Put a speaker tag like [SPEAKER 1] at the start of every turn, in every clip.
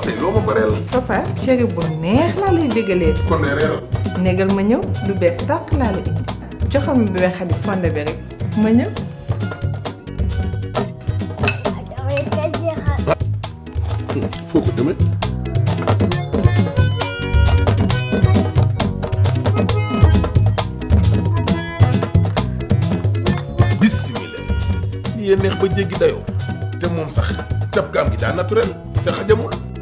[SPEAKER 1] waaw tey loo ma bareel.
[SPEAKER 2] cere bu neex laa lay bégalee. kon négal ma ñëw lu bees tàq laa la indi. joxal ma bébé Khady fonde bi rek ma ñëw.
[SPEAKER 1] foo ko demee. bisimilah. lii neex ba jéggi dayoo. te moom sax cafkaam gi daa naturel te xajamul.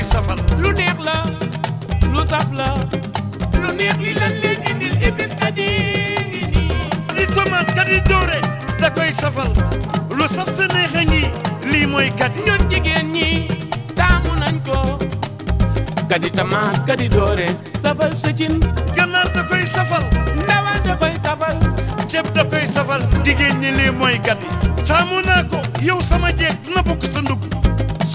[SPEAKER 1] koy safal lu neex la lu saf la lu neex lan leen indil ibis kadi ngi nii li tomate kadi doore da koy safal lu saf te neex a ngi lii jigéen ñi taamu nañ ko kadi tomate kadi doore safal sa ganaar da koy safal ndawal da koy safal ceeb da koy safal jigéen ñi lii mooy kadi taamu naa ko yow sama jeeg na bokk sa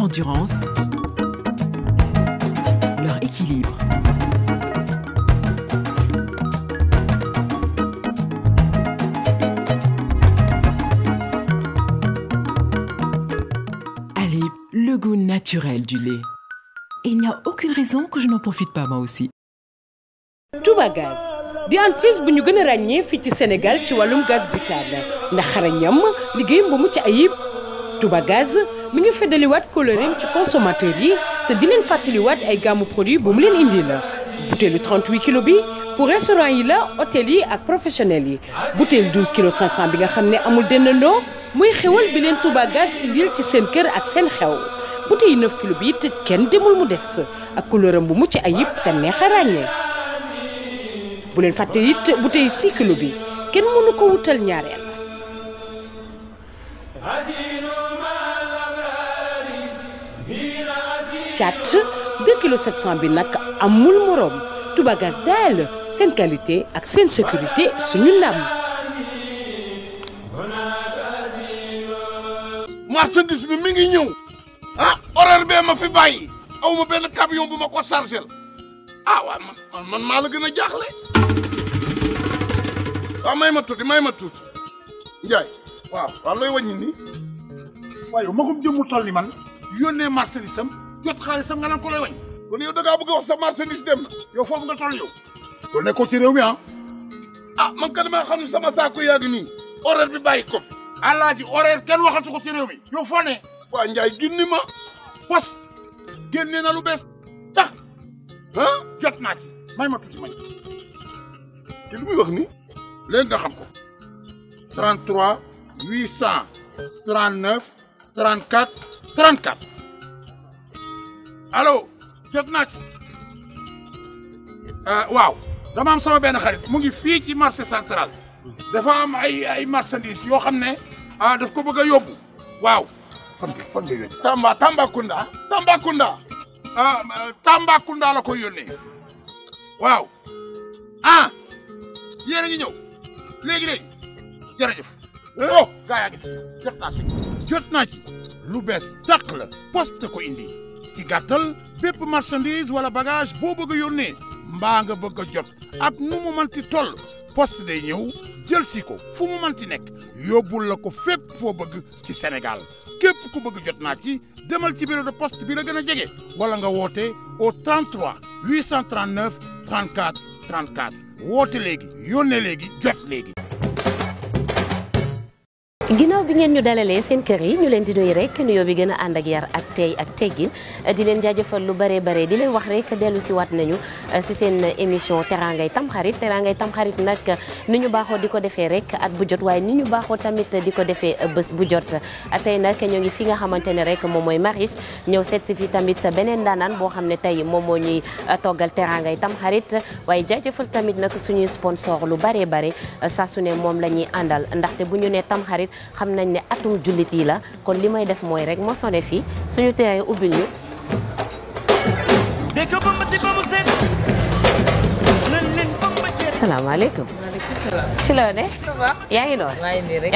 [SPEAKER 1] leur endurance, leur équilibre. Allez, le goût naturel du lait. il n'y a aucune raison que je n'en profite pas moi aussi.
[SPEAKER 3] Touba Gaz di entreprise bu ñu gën a fii ci Sénégal ci wàllum gaz butane ndax xarañam liggéeyam bu mucc ayib Touba Gaz mi ngi feddaliwaat kóllëreem ci consommateur yi te di leen fàttaliwaat ay gàmmu produit bu mu leen indi la butéelu 38 kilo bi pour restaurant yi la hôtel yi ak professionnels yi butéel 12 kilo 500 bi nga xam ne amul dendandoo muy xewal bi leen Touba Gaz indil ci seen kër ak seen xew butéel 9 kilo bi it kenn demul mu des ak couleuram bu mucc ayib te neex a ràññee bu leen fàtte it butéel 6 kilo bi kenn mënu ko wutal ñaareel. caat 2 kilo 700 bi nag amul morom Touba Gaz daal seen qualité ak seen sécurité suñu
[SPEAKER 1] ndam. marchandise mi ngi ñëw ah horaire bee ma fi bàyyi aw ma benn camion bu ma ko chargé ah man man la gën a jaaxle. waaw may ma tuuti may ma tuuti Ndiaye waaw waaw looy wàññi nii. waaye magum jëmmu toll ni man yónnee marchandise am. jot xaalisam nga naan ko lay wañ kon yow da ngaa wax sa marchandise dem na yow foofu nga toll yow loolu nekkoo ci réew mi ah, ah man kat maa sama saako yaa nii horaire bi bàyyi ko fi alaaji horaire kenn waxatu ko ci réew mi yow ne waa Ndiaye ginni ma pos génne na lu bees tax ah jot naa may ma tuuti may ci lu muy ni léegi nga xam ko 33 839 34 34 alo jot naa ci euh, waaw dama am sama benn xarit mu ngi fii ci marché central dafa am ay ay marchandises yoo xam ne ah daf ko bëgg a yóbbu waaw. fan nga fan nga yónnee. Tamba Tambacounda. Tambacounda. ah Tambacounda la ko yónnee waaw ah yéen a ngi ñëw léegi léegi jërëjëf. Eh? oh gaa yaa jot naa ci. jot naa lu bees tàq la poste ko indi. ci gàttal bépp marchandise wala bagage boo bëgg yónnee mbaa nga bëgg a jot ak nu mu manti toll post day ñëw jël si ko fu mu manti nekk yóbbul la ko fépp foo bëgg ci Sénégal képp ku bëgg jot naa ci demal ci bureau de post bi la gën a jege wala nga woote au 33 839 34 34 woote léegi yónnee léegi jot léegi
[SPEAKER 3] ginnaaw bi ngeen ñu dalalee seen kër yi ñu leen di nuyu rek nuyoo bi gën a ànd ak yar ak tey ak teggin di leen jaajëfal lu baree bare di leen wax rek dellu si waat nañu eh, si seen émission terangay tamxarit terangay tamxarit nag ni ñu baaxoo di ko defee rek at bu jot waaye ni ñu baaxoo tamit di ko defee bés bu jot a tey nag ñoo ngi fi nga xamante ne rek moom mooy Maris ñëw seet si fi tamit beneen daanaan boo xam ne tey moom moo ñuy eh, toggal terangay tamxarit waaye jaajëfal tamit nag suñuy sponsor lu baree bare eh, saa su moom la ñuy àndal ndaxte bu ñu ne tamxarit xam nañ ne atum jullit yi la kon li may def mooy rek moo sone fii suñu terrain ubbil ñu
[SPEAKER 4] salaamaaleykum. maaleykum ci loo ne. yaa ngi noonu. maa ngi nii rek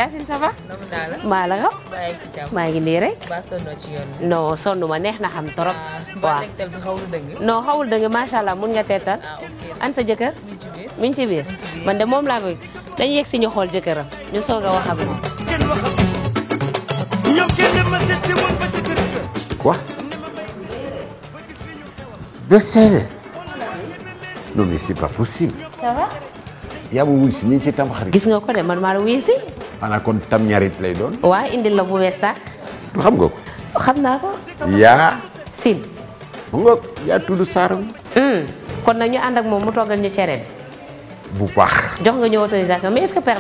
[SPEAKER 4] maa la xam. maa ngi si jàmm. maa
[SPEAKER 2] nii rek. ba sonnoo ci yoon bi.
[SPEAKER 3] non sonn ma neex na xam trop. Ah, waaw ba tegtal bi xawul dëng. non xawul allah mun nga teetal. ah jëkkër. mi ci biir man de moom laa bëgg dañu yegg si ñu xool jëkkëram ñu soog a wax kenn waxatu
[SPEAKER 4] ko ñoom kenn ci kër ga.
[SPEAKER 1] quoi pas possible. yaa ma wuy si ci tam xarit.
[SPEAKER 3] gis nga ko de man maa la wuy si.
[SPEAKER 1] kon tam ñarit lay doon.
[SPEAKER 3] waaw indi la bu wees sax. xam nga ko. xam naa ko. yaa. Sine.
[SPEAKER 1] mu ngoog yaa tudd Saaram.
[SPEAKER 3] Hmm. kon nag ñu ànd ak moom mu toggal ñu cere
[SPEAKER 1] bi. bu baax.
[SPEAKER 3] jox nga ñu autorisation mais est-ce que Père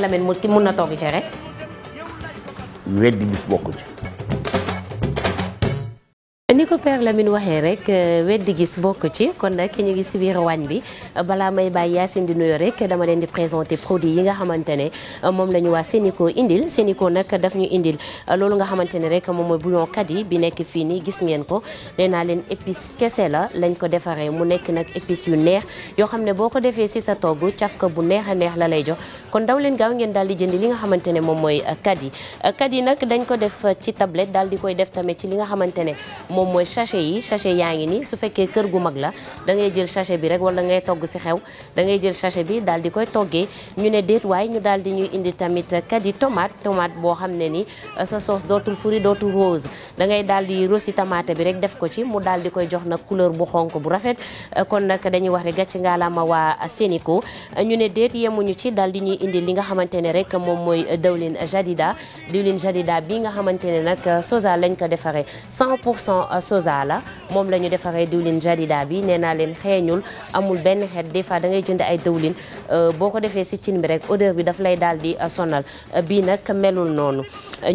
[SPEAKER 3] mun na togg cere.
[SPEAKER 1] weddi gis bokku ci
[SPEAKER 3] ko Père Lamine waxee rek euh, weddi gis bokk ci kon nag ñu ngi si biir waañ bi balaa may bàyyi Yacine di nuyu rek dama leen di présenter produit yi nga xamante ne euh, moom la ñu waa Sénico indil Sénico nag daf ñu indil euh, loolu nga xamante ne rek moom mooy bouillon kat yi bi nekk fii nii gis ngeen ko nee naa leen épice kese la lañ ko defaree mu nekk nag épice yu neex yoo xam ne boo ko defee si sa togg cafka bu neex a neex la lay jox kon daw leen gaaw ngeen daal di jënd li nga xamante ne moom mooy kat yi kat yi nag dañ ko def ci tablette daal di koy def tamit ci li nga xamante moom mooy mooy sachet yi sachet yaa ngi nii su fekkee gu mag la da ngay jël sachet bi rek wala ngay togg si xew da ngay jël sachet bi daal di koy toggee ñu ne déet waaye ñu daal di ñuy indi tamit kadi tomate tomate boo xam ne ni sa sauce dootul furi dootul rose dangay ngay daal di rosi tamaate bi rek def ko ci mu daal di koy jox nag couleur bu xonk bu rafet kon nag dañuy wax rek gàcce ngaalaama waa ko ñu ne déet yemuñu ci daal di ñuy indi li nga xamante ne rek moom mooy dawlin jadida diwlin jadida bi nga xamante ne nag soja lañ ko defaree sosa la moom la ñu defaree diwlin jadida bi nee naa leen xeeñul amul benn xeet des fois da ngay jënd ay diwlin euh, boo ko defee si cin bi rek odeur bi daf lay daal di euh, sonal euh, bii nag melul noonu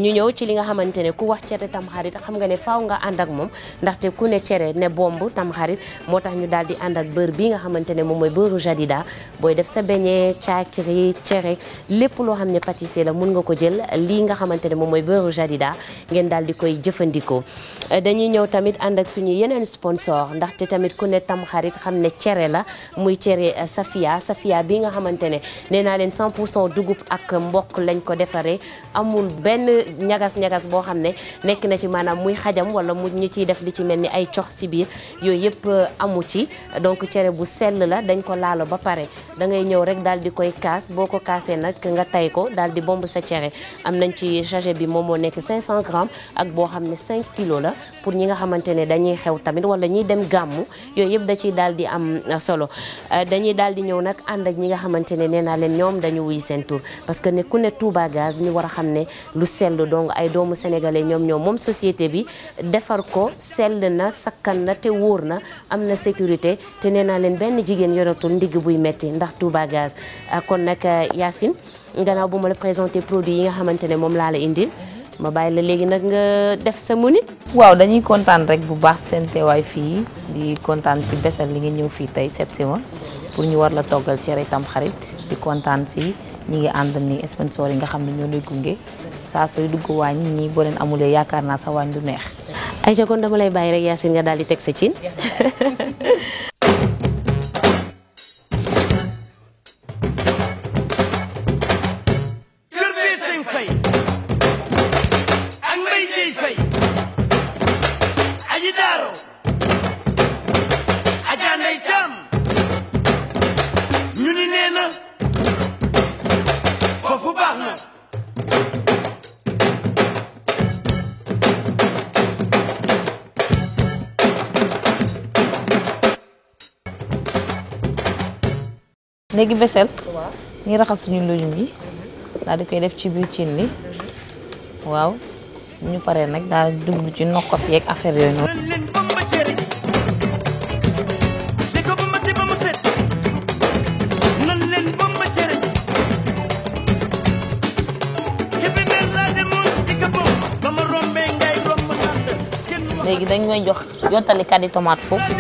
[SPEAKER 3] ñu ñëw ci li nga xamante ne ku wax cere tam xarit xam nga ne faaw nga ànd ak moom ndaxte ku ne cere ne bomb tam xarit moo tax ñu daal di ànd ak bi nga xamante ne moom mooy beurre jadida booy def sa beñe caakiri cere lépp loo xam ne pâtissier la mun nga ko jël lii nga xamante ne moom mooy beurre jadida ngeen daal di koy jëfandikoo tamit ànd ak suñu yeneen sponsor ndaxte tamit ku ne tam xam ne cere la muy cere euh, Safia Safia bi nga xamante ne nee naa leen 100 pour dugub ak mbokk lañ ko defaree amul benn ñagas-ñagas boo xam ne nekk na ci maanaam muy xajam wala mu ñu ciy def li ci mel ni ay cox si yooyu yëpp euh, amu ci donc cere bu sell la dañ ko laalo ba pare da ngay ñëw rek daal di koy kaas boo ko kaasee nag nga tay ko daal di bomb sa cere am nañ ci sachet bi moom moo nekk 500 grammes ak boo xam ne 5 kilos la pour ñi nga xamante ne dañuy xew tamit wala ñuy dem gàmmu yooyu yëpp da ciy daal di am uh, solo uh, dañuy daal di ñëw nag ànd ak ñi nga xamante ne nee naa leen ñoom dañu wuy seen tur parce que ne ku ne Touba ñu war a xam ne lu sell donc ay doomu sénégalais ñoom ñoom moom société bi defar ko sell na sakkan na te wóor na am na sécurité te nee naa leen benn jigéen yoratul ndigg buy metti ndax Touba Gaz uh, kon nag Yacine gannaaw bu ma la présenté produit yi nga xamante ne moom laa la indil ma bàyyi la léegi nag nga def
[SPEAKER 2] sa moni waaw dañuy kontaan rek bu baax seen teewaay fii di kontaan ci Bessél li nga ñëw fii tey set si ma pour ñu war la toggal cere tam xarit di kontaan si ñi ngi ànd ni sponsor yi nga xam ne ñoo lay gunge saa sooy dugg waañ ñi boo leen amulee yaakaar naa sa waañ du neex. Aïcha kon dama lay bàyyi rek Yacine nga daal di teg sa cin. léegi besel ñi raxas suñu lujum mhm. yi daal di koy def ci biir cin li waaw ñu pare nag daal dugg ci nokkos yeeg affaire yooyu noonu léegi dañ may jox jottali kàddi tomate foofu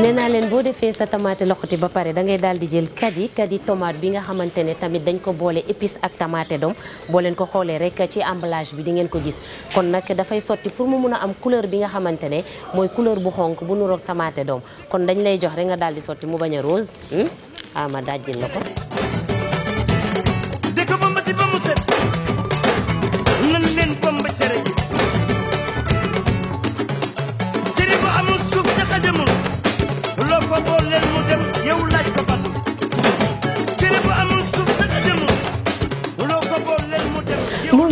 [SPEAKER 3] nee naa leen boo defee sa tamaate loxoti ba pare da ngay daal di jël kadi kadi tomate bi nga xamante ne tamit dañ ko boole épice ak tamaate doom boo leen ko xoolee rek ci emballage bi di ko gis kon nag dafay sotti pour mu mun a am couleur bi nga xamante ne mooy couleur bu xonk bu nuroog tamaate doom kon dañ lay jox rek nga daal di sotti mu bañ a rose hmm? ama ah, dajjil la ko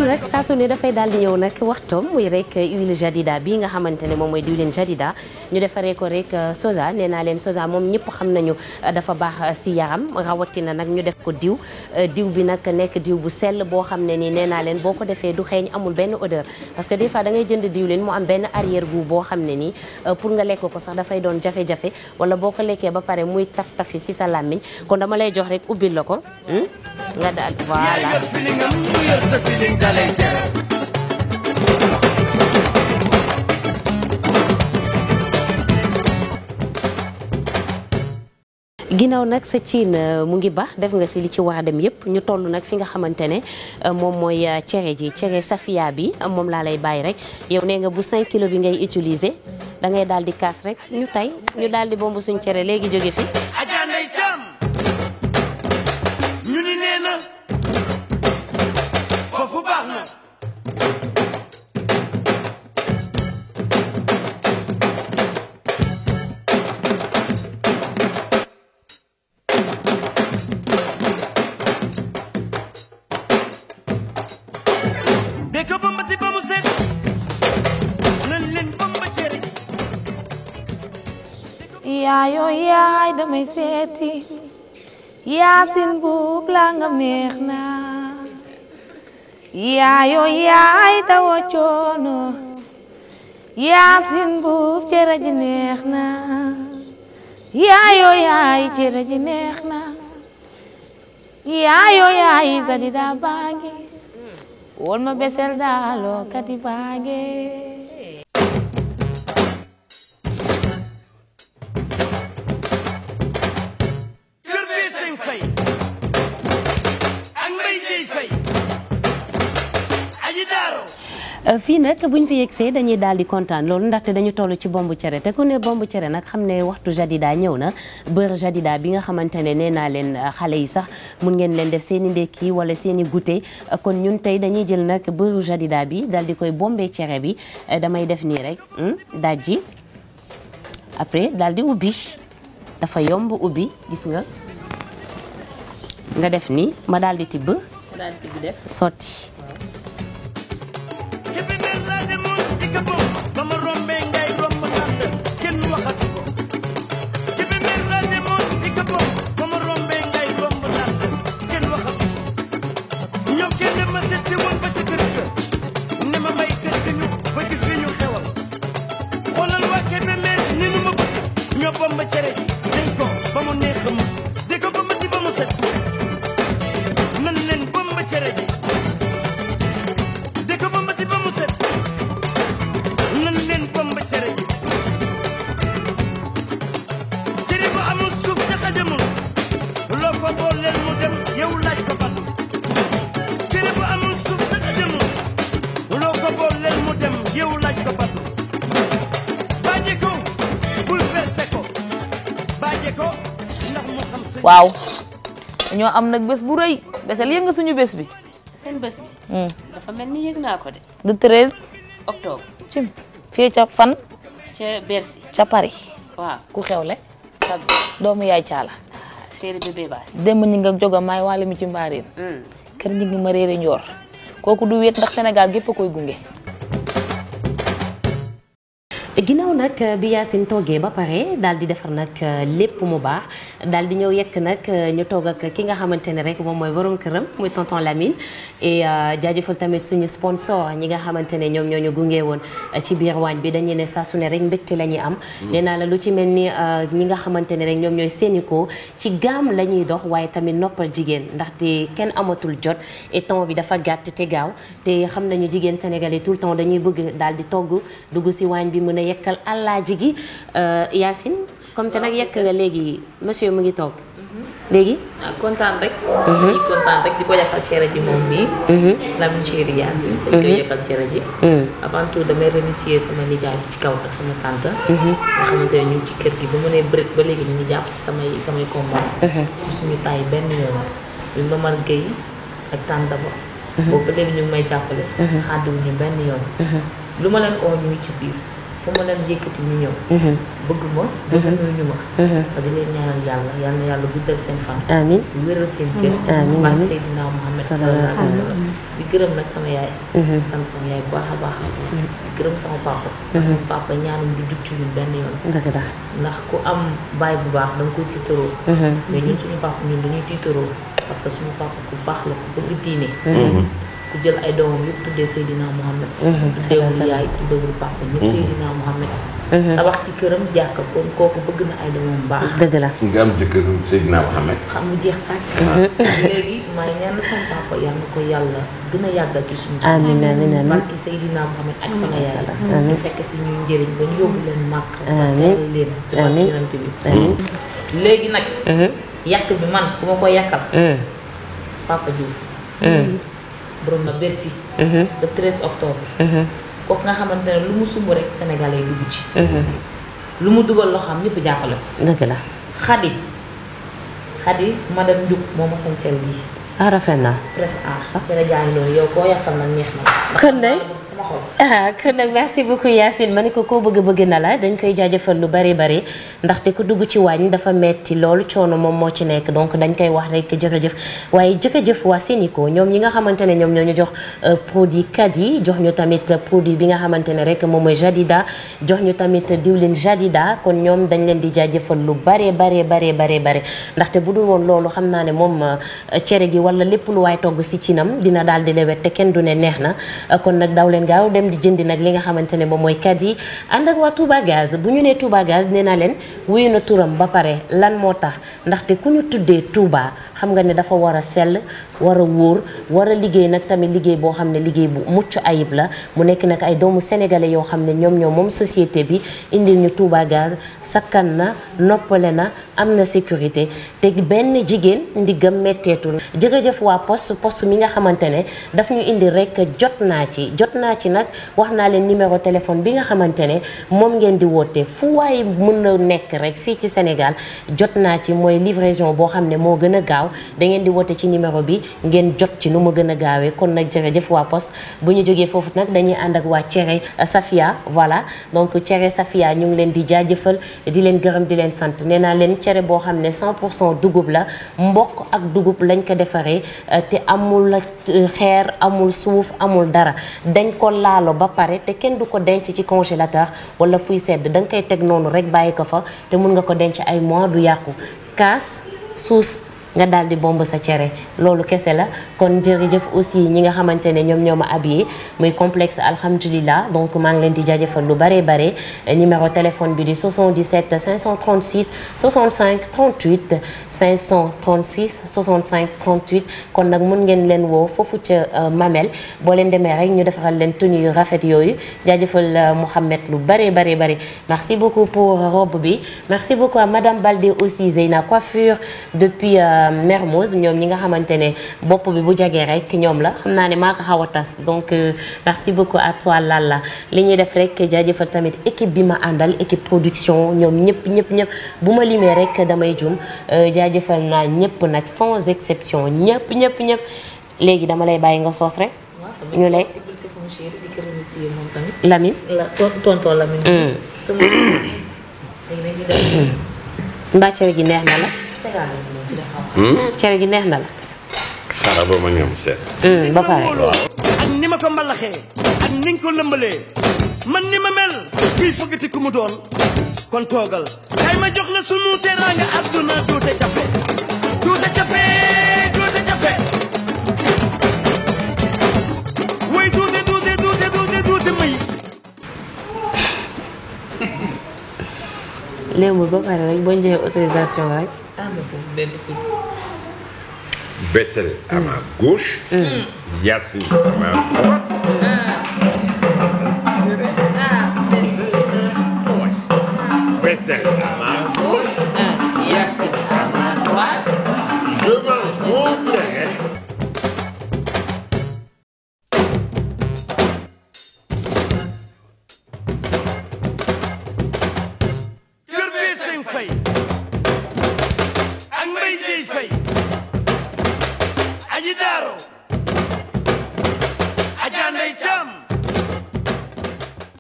[SPEAKER 3] nag saa su ne dafay daal di ñëw nag waxtoom muy rek huile jadida bi nga xamante ne moom mooy diwlin jadida ñu defaree ko rek euh, soza nee naa leen soza moom ñëpp xam nañu euh, dafa baax si yaram rawatina nag ñu def ko diw euh, diw bi nag nekk diw bu sell boo xam ne nii nee naa leen boo ko defee du xeeñ amul benn odeur parce que des fois da ngay jënd diwlin mu am benn arrière goût boo xam ne nii pour nga lekk ko sax dafay doon jafe-jafe wala boo ko lekkee ba pare muy taf tafi si sa làmmiñ kon dama lay jox rek ubbil la ko hmm?
[SPEAKER 4] nga daal voilà lay
[SPEAKER 3] ginnaaw nag sa ciin euh, mu ngi baax def nga si li ci war dem yëpp ñu toll nag fi nga xamante ne euh, moom mooy euh, cere ji cere safia bi moom laa lay bàyyi rek yow nee nga bu 5 kilo bi ngay utiliser da ngay daal di kaas rek ñu tey ñu daal bomb suñ cere léegi jóge fi
[SPEAKER 4] te ko bëmbati ba mu set nan leen bëmba cere
[SPEAKER 2] yaayoo yaay damay seeti yaasin buub laa nga neex na yaayoo yaay dawa coono yaasin buub cere ji neex na yaayoo yaay cere ji neex na yaayoo yaay sadida baangi wol ma besel daalo kër bi
[SPEAKER 4] sëñ
[SPEAKER 3] Euh, fii nag bu ñu fi see dañuy daal di kontaan loolu ndaxte dañu toll ci bombu cere te ku ne bombu cere nag xam ne waxtu jadida ñëw na beurre jadida bi nga xamante ne nee naa leen euh, xale yi sax mun ngeen leen def seeni i ndekki wala seen i euh, kon ñun tey dañuy jël nag beurre jadida bi daal di koy bombee cere bi damay def nii rek hmm, dajji après daal di ubbi dafa yomb ubbi gis nga nga def nii ma daal di tibb. sotti.
[SPEAKER 2] waaw ñoo am nag bés bu rëy Bessél yëg nga suñu bés bi. seen bés hmm.
[SPEAKER 3] dafa mel ni yëg naa ko de. le treize. octobre.
[SPEAKER 2] cim fii ca fan.
[SPEAKER 3] ca Bercy. ca Paris. waaw
[SPEAKER 2] ku xewle. doomu yaay caala.
[SPEAKER 3] chéri bébé baas. démb
[SPEAKER 2] ñi nga jóg may maay ci mbaareen. Hmm. kër ñi ngi ma réere njoor. kooku du wéet ndax Sénégal gépp koy gunge.
[SPEAKER 3] ginnaaw nag euh, bi Yacine toogee ba pare daal di defar nag euh, lépp mu baax daal di ñëw yekk nag euh, ñu toog ak ki nga xamante ne rek moom mooy borom këram muy tonton Lamine. et jaajëfal tamit suñu sponsor ñi nga xamante ne ñoom ñoo ñu gunge woon ci biir waañ bi dañuy ne saa su ne rek la ñuy am. Mm-hmm. nee naa lu ci mel ni ñi nga xamante ne rek ñoom ñooy Sénico ci gaam la ñuy dox waaye tamit noppal jigéen ndax di kenn amatul jot et temps bi dafa gàtt te gaaw te xam nañu jigéen sénégalais tout le temps dañuy bëgg daal di togg dugg si waañ bi mën a yekkal ji gi euh, Yacine comme te nag yekk nga léegi monsieur mu ngi toog léegi
[SPEAKER 2] ah kontaan rek ñi mhm. di ko cere ji moom mii mhm. Lamine Chéri Yacine dañ koy mhm. yàkkal cere ji avant tout damay remercier sama nijaay bi ci kaw ak sama tante nga xamante ñu ci kër gi ba mu ne bërit ba léegi ñu ngi jàpp ci samay samay combat suñu taay benn yoon ñu Momar Gueye ak tante ba boobu léegi ñu may jàppale xàdduwuñu benn yoon lu ma leen oo ñuy ci biir fu ma leen yëkkati ñu ñëw. Mhm. bëgg ma. Mhm. bëgg ñu ma. Mhm. ba di leen ñaanal yàlla yal na yàlla guddal seen fan. amiin wéral seen kër. amiin amiin Seydina Mouhamed sallallahu alayhi wa sallam. di gërëm nag sama yaay. bu baax a baax. di gërëm sama papa. sama du jug ci ñun benn yoon. ndax ku am baay bu baax da nga koy tiitaroo. mais ñun suñu papa ñun dañuy tiitaroo parce que suñu papa baax la ku bëgg diine. ku jël ay doomam yëpp tuddee Seydina Mohamed. tuddewul mhm. yaay mhm. mhm. ci këram jàkka kon kooku bëgg na ay doomam baax. dëgg
[SPEAKER 4] la nga am jëkkër Seydina Mohamed.
[SPEAKER 2] xam mu jeex ko yàlla gën a yàggal ci suñu. amiin amiin amiin barki Seydina Mohamed ak sama yaay. léegi nag. yàq bi man ku ma ko yàqal. papa Diouf. borom nag Bercy. Mhm. le 13 octobre. Mhm. kooku nga xamante ne lu mu sumb rek sénégalais yi dugg ci. Mhm. lu mu dugal loo xam ñëpp jàppale ko. dëgg la Khady Khady madame Ndiouk moo ma sañseel gi ah rafet na presse aar ci la jaay loolu yow koo yàqal nag
[SPEAKER 3] kon nag merci beaucoup Yacine ma ne ko koo bëgg bëgg na la dañ koy jaajëfal lu bari bari ndaxte ku dugg ci waañ dafa metti lool coono moom moo ci nekk donc dañ koy wax rek jërëjëf waaye jërëjëf waa Sénico ñoom ñi nga xamante ne ñoom ñoo ñu jox euh, produit Kadi jox ñu tamit euh, produit bi nga xamante ne rek moom mooy Jadida jox ñu tamit diwlin Jadida kon ñoom dañ leen di jaajëfal lu bare bare bare bare bare ndaxte bu dul woon loolu xam naa ne moom euh, cere gi wala lépp lu waay togg si cinam dina daal di lewet te kenn du ne neex na kon nag daw leen gaaw dem di jëndi nag li nga xamante ne moom mooy kat yi ànd ak waa Touba Gaz bu ñu nee Touba Gaz ne na leen wuyu na turam ba pare lan moo tax ndaxte ku tuddee Touba xam nga ne dafa war a sell war a wóor war a liggéey nag tamit liggéey boo xam ne liggéey bu mucc ayib la mu nekk nag ay doomu sénégalais yoo xam ne ñoom ñoom moom société bi indil ñu Touba Gaz sakkan na noppale na am na sécurité te benn jigéen ndigam metteetul jërëjëf waa post poste mi nga xamante ne daf ñu indi rek jot naa ci jot naa ci nag wax naa leen numéro téléphone bi nga xamante ne moom ngeen di woote fu waaye mën na nekk rek fii ci Sénégal jot naa ci mooy livraison boo xam ne moo gën a gaaw da di woote ci numéro bi ngeen jot ci nu ma gën a gaawee kon nag jërëjëf waa poste bu ñu jógee foofu nag dañuy ànd ak waa Cere Safia voilà donc Cere safiya ñu ngi leen di jëfal di leen gërëm di leen sant nee naa leen cere boo xam ne 100 pour cent dugub la mbokk ak dugub lañ ko defaree pare euh, te amul euh, xeer amul suuf amul dara dañ ko laalo ba pare te kenn du ko denc ci congélateur wala fuy sedd da koy teg noonu rek bàyyi ko fa te mun nga ko denc ay mois du yàqu kaas suus nga daal di bomb sa cere loolu kese la kon jërëjëf aussi ñi nga xamante ne ñoom ñoo ma habillé muy complexe alhamdulilah donc maa ngi leen di jaajëfal lu bare bare numéro téléphone bi di 77 536 65 38 536 65 38 kon nag mun ngeen leen woo foofu ca euh, Mamel boo leen demee rek ñu defaral leen tenue yu rafet yooyu jaajëfal euh, Mouhamed lu bare bare bare merci beaucoup pour robe bi merci beaucoup à madame Baldé aussi Zeyna coiffure depuis. Euh, Mermoz ñoom ñi nga xamante ne bopp bi bu jagee rek ñoom la xam naa ne maa ko xaw a tas donc euh, merci beaucoup à toi Lalla li ñuy def rek jaajëfal tamit équipe bi ma àndal équipe production ñoom ñëpp ñëpp ñëpp bu ma limee rek damay jum euh, jaajëfal naa ñëpp nag sans exception ñëpp ñëpp ñëpp léegi dama lay bàyyi nga soos rek ñu lay Lamine
[SPEAKER 2] tonton mm.
[SPEAKER 3] gi neex na la Hmm? cere gi neex na la.
[SPEAKER 1] xaaral ba ma ñoom hmm, ba pare.
[SPEAKER 4] ak ni ma ko mbalaxee ak ni nga mel kuy fëggati ku mu doon kon toogal kay ma jox sunu teraanga àdduna tuute jafe tuute jafe tuute jafe way tuute tuute tuute tuute tuute
[SPEAKER 3] ba pare rek boo autorisation rek
[SPEAKER 2] Ama foofu benn kuréel.
[SPEAKER 1] Bessel à